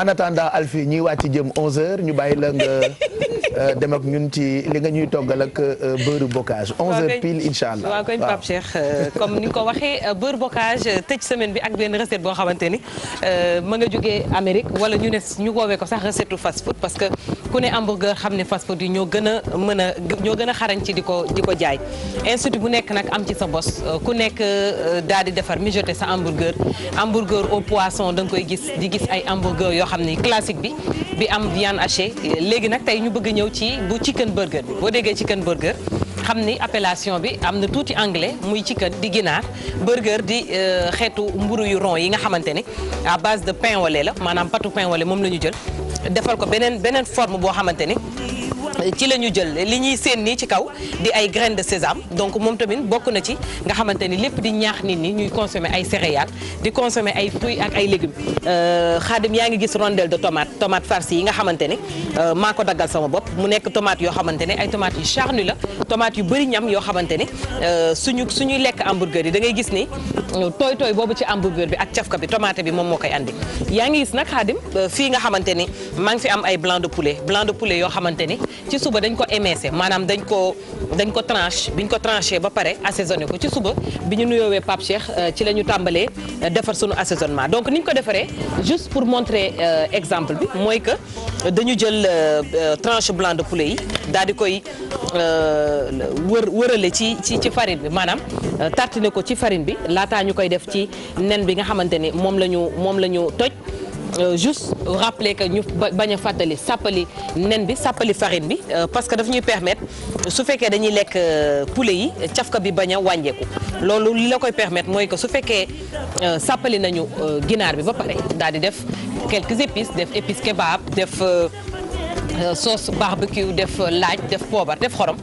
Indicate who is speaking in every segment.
Speaker 1: en attendant Alfie ñuy wàcc jëm 11h ñu bàyyi la Euh, dem ak ñun ci li nga ñuy toggal ak euh, beurre bocage. 11h pile allah waaw koñ Pape Cheikh euh, comme ni ko waxee beurre bocage tëj semaine bi ak benn recette boo xamante ni ma nga jógee Amérique wala ñu ne ñu woowee ko sax recette fast food parce que ku ne hamburger xam ne fast food yi ñoo gën a mën a ñoo gën a xarañ ci di ko di ko jaay. institut bu nekk nag am ci sa bos ku nekk daal di defar mijoter sa hamburger hamburger au poisson da nga koy gis di gis ay hamburger yoo xam ni classique bi ñëw ci bu chicken burger bi boo déggee chicken burger xam ni appellation bi am na tuuti anglais muy chicken di ginaar burger di euh, xeetu mburu yu rond yi nga xamante ni à base de pain au la maanaam patu pain au moom la ñu jël defal ko beneen beneen forme boo xamante ni ci la ñu jël li ñuy séen nii ci kaw di ay graines de sésame donc moom tamit bokk na ci nga xamante ni lépp di ñaax nit ñi ñuy consommer ay céréales di consommer ay fruits ak ay légumes xaadim euh, yaa ngi gis rondelle de tomate tomate farcie yi nga xamante ne euh, maa ko sama bopp mu nekk tomate yoo xamante ne ay tomates yu charnu la tomate yu bëri ñam yoo xamante ne euh, suñu suñuy lekk hamburger yi da ngay gis ni tooy tooy boobu ci hamburger bi ak cafka bi tomate bi moom moo koy andi yaa ngi gis nag xaadim fii nga xamante ni maa ngi fi am ay blanc de poulet blanc de poulet yoo xamante ni ci suba dañ ko émincé maanaam dañ ko dañ ko tranché biñ ko tranché ba pare assaisonné ko ci suba bi ñu nuyoowee Pape Cheikh euh, ci la ñu tàmbalee euh, defar suñu assaisonnement donc ni ñu ko defaree juste pour montrer euh, exemple bi mooy que dañu jël tranche blanc de poulet yi daal di koy wër wërale ci ci ci farine bi maanaam tartiner ko ci farine bi laataa ñu koy def ci nen bi nga xamante ni moom la ñu moom la ñu toj. Euh, juste rappeler que ñu bañ a fàttali sàppali nen bi sàppali farine bi euh, parce que daf ñuy permettre su fekkee dañuy lekk euh, poulet yi cafka bi bañ a wàññeeku loolu li la koy permettre mooy que su fekkee sàppali nañu ginaar bi ba pare daal di def quelques épices def épices kebab def. sauce barbecue def laaj def poobar def xorom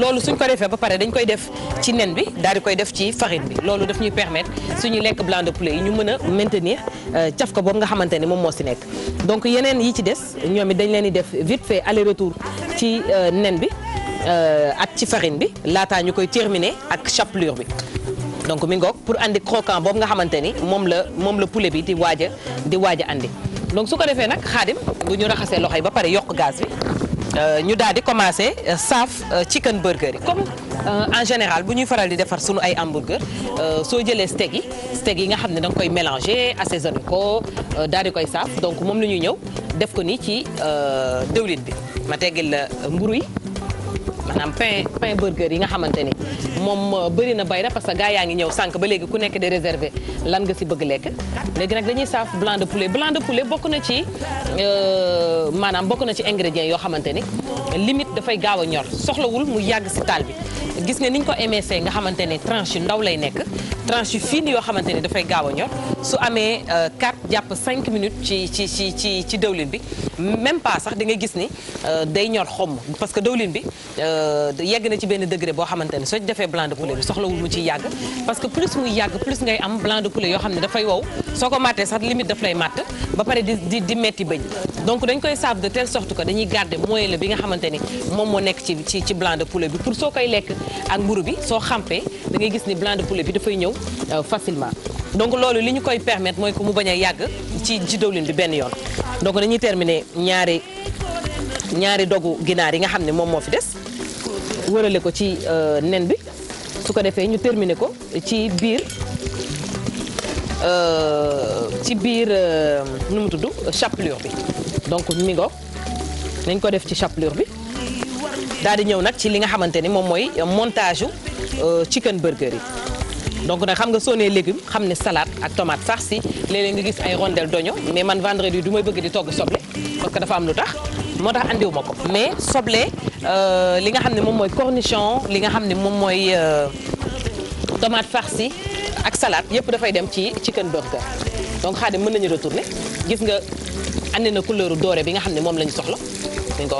Speaker 1: loolu suñ ko defee ba pare dañ koy def ci nen bi daal di koy def ci farine bi loolu def ñuy permettre suñu lekk blanc de poulet yi ñu mën a maintenir euh, caf ko boobu nga xamante ne moom moo si nekk donc yeneen yi ci des ñoom it dañ leen di def vite fait aller retour ci euh, nen bi euh, ak ci farine bi laataa ñu koy terminer ak chapelure bi donc mi ngoog pour andi croquant boobu nga xamante ni moom la moom la poulet bi di waaja di waaj a andi donc su ko defee nag xaadim bu ñu raxasee loxo yi ba pare yokk gaz bi euh, ñu daal di commencer euh, saaf euh, chicken burger yi comme en général bu ñuy faral di defar sunu ay hamburger soo jëlee steak yi steak yi nga xam ne da nga koy mélanger assaisonné ko daal di koy saaf donc moom la ñuy ñëw def ko nii ci dëwlin bi ma teggil la mburu yi maanaam pain pain burger yi nga xamante ni moom euh, bëri na parce que gaa yaa ngi ñëw sànq ba léegi ku nekk di réserver lan nga si bëgg lekk léegi nag dañuy saaf blanc de poulet blanc de poulet bokk na ci euh, maanaam bokk na ci ingrédients yoo xamante ni limite dafay gaaw a ñor soxlawul mu yàgg si taal bi gis nga niñ ko émincé nga xamante ne tranche yu ndaw lay nekk tranche yu fine yoo xamante ni dafay gaaw a ñor su amee 4 euh, jàpp cinq minutes ci ci ci ci ci dëwlin bi même pas sax da ngay gis ni euh, day ñor xomm parce que dëwlin bi euh, yegg na ci benn degré boo xamante ne soo ci defee blanc de poulet bi soxlawul mu ciy yàgg parce que plus muy yàgg plus ngay am blanc de poulet yoo xam ne dafay wow soo ko màttee sax limite daf lay màtt ba pare di di metti bëñ donc dañ koy saaf de telle sorte que dañuy garder moyen la bi nga xamante ni moom moo nekk ci ci ci blanc de poulet bi pour soo koy lekk ak mburu bi soo xampee da ngay gis ni blanc de poulet bi dafay ñëw euh, facilement donc loolu li ñu koy permettre mooy que mu bañ a yàgg ci ci diwlin bi benn yoon donc dañuy terminer ñaari ñaari ginaar yi nga xam ne moom moo fi des wërale ko ci euh, nen bi su ko defee ñu terminer ko ci biir euh, ci biir euh, nu mu tudd chapelure bi donc mi ngo nañ ko def ci chapelure bi daal di ñëw nag ci li nga xamante ni moom mooy montage euh, chicken burger yi donc nag xam nga soo nee légumes xam ne salaat ak tomate sax si léeg nga gis ay rondelles d'oignon mais man vendredi du may bëgg di togg soble parce que dafa am lu tax moo tax andiwu ma ko mais soble euh, li nga xam ne moom mooy cornichon li nga xam ne moom mooy tomate farci ak salade yëpp dafay dem ci chicken burger donc xaadim mën nañu retourner gis nga andi na couleur doré bi nga xam ne moom la ñu soxla mi nga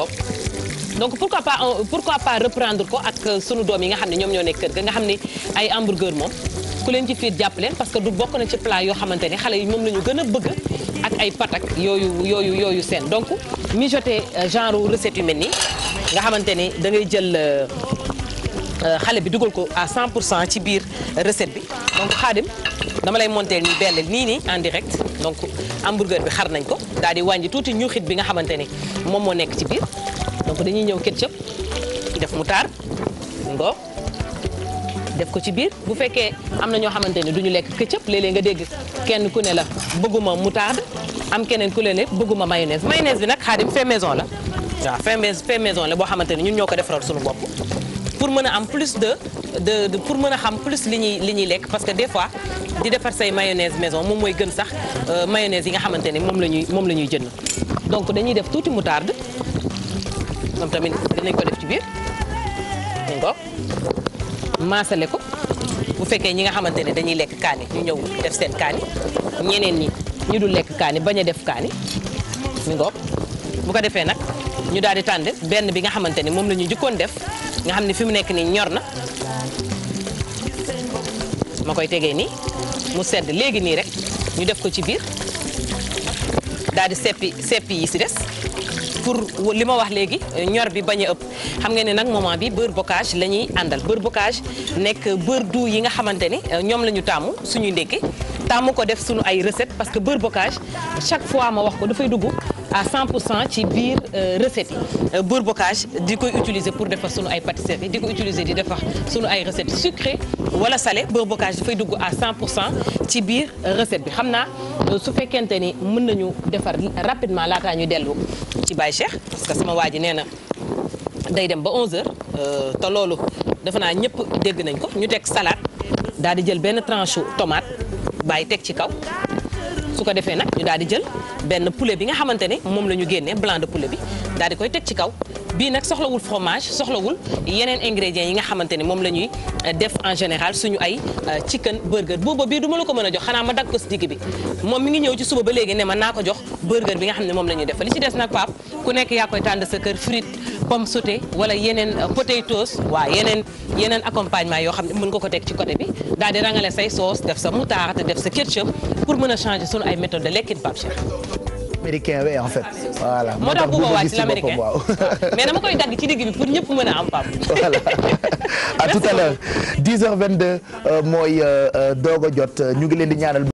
Speaker 1: donc pourquoi pas euh, pourquoi pas reprendre ko ak euh, sunu doom yi nga xam ne ñoom ñoo nekk kër ga nga xam ne ay hamburger moom ku leen ci fiit jàpp leen parce que du bokk na ci plat yoo xamante ne xale yi moom lañu gën a bëgg ak ay patak yooyu yooyu yooyu seen donc mijoter euh, genre recette yu mel nii nga xamante ne da jël. Euh, xale bi dugal ko à 100 pour cent ci biir recette bi donc xaadim dama lay monter nii benn nii nii en direct donc hamburger bi xar nañ ko daal di wàññi tuuti ñu xit bi nga xamante ni moom moo nekk ci biir donc dañuy ñëw ketchup def mu taar ngoo def ko ci biir bu fekkee am na ñoo xamante ne du ñu lekk ketchup léeg-léeg nga dégg kenn ku ne la bëgguma moutarde am keneen ku ne bëgguma mayonnaise mayonnaise bi nag xaadim fait maison la waaw fait maison la boo xamante ne ñun ñoo ko defaral suñu bopp pour mën a am plus de de pour mën a xam plus li ñuy li ñuy lekk parce que des fois di defar say mayonnaise maison moom mooy gën sax euh, mayonnaise yi nga xamante ne moom la ñuy moom la ñuy donc dañuy def tuuti moutarde moom tamit dinañ ko def ci biir ngop maasale ko bu fekkee ñi nga xamante ne dañuy lekk kaani ñu ñëw def seen kaani ñeneen ñi ñu dul lekk kaani bañ a def kaani mi bu ko defee nag ñu daal di tànn benn bi nga xamante ni moom la ñu jëkkoon def nga xam ni fi mu nekk nii ñor na ma koy tegee nii mu sedd léegi nii rek ñu def ko ci biir daal di seppi seppi yi si des pour li ma wax léegi ñor bi bañ ëpp xam nga ne nag moment bi beurre bocage la ñuy àndal bër bocage nekk beurre dou yi nga xamante ni euh, ñoom la ñu taamu suñuy ndékki taamu ko def suñu ay recette parce que beurre bocage chaque fois ma wax ko dafay dugg à 100 cent ci biir euh, recette yi euh, beurre bocage di koy utiliser pour defar sunu ay pâtisserie di ko utiliser di defar sunu ay recette sucrée wala salée beurre bocage dafay dugg à 100 pour cent ci biir recette bi xam naa euh, su fekkente ni mën nañu defar rapidement laataa ñu dellu ci Baye Cheikh parce que sama waa ji nee na day dem ba 11h te loolu defe naa ñëpp dégg nañ ko ñu teg salade daal di jël benn tranche tomate bàyyi teg ci kaw. su ko defee nag ñu daal di jël benn poulet bi nga xamante ne moom la ñu génnee blanc de poulet bi daal di koy teg ci kaw bii nag soxlawul fromage soxlawul yeneen ingrédients yi nga xamante ne moom la ñuy euh, def en général suñu ay euh, chicken burger booba bii du la ko mën a jox xanaa ma dagg ko si bi moom mi ngi ñëw ci suba ba léegi ne ma naa ko jox burger bi nga xam ne moom la ñuy def li ci des nag pap ku nekk yaa koy tànn sa kër frite comme sautée wala yeneen euh, potatoes waaw yeneen yeneen accompagnement yoo xam ne mën nga ko teg ci côté bi daal di rangale say sauce def sa moutarde def sa ketchup pour mën a changer sunu ay méthode de lekkin Pape Cheikh américain oui en fait. voilà moo tax bu ma wàcc l'américain mais dama koy dagg ci digg bi pour ñëpp mën a am pam. voilà à tout à l'heure 10h22 euh, mooy euh, doog jot ñu ngi leen di ñaanal.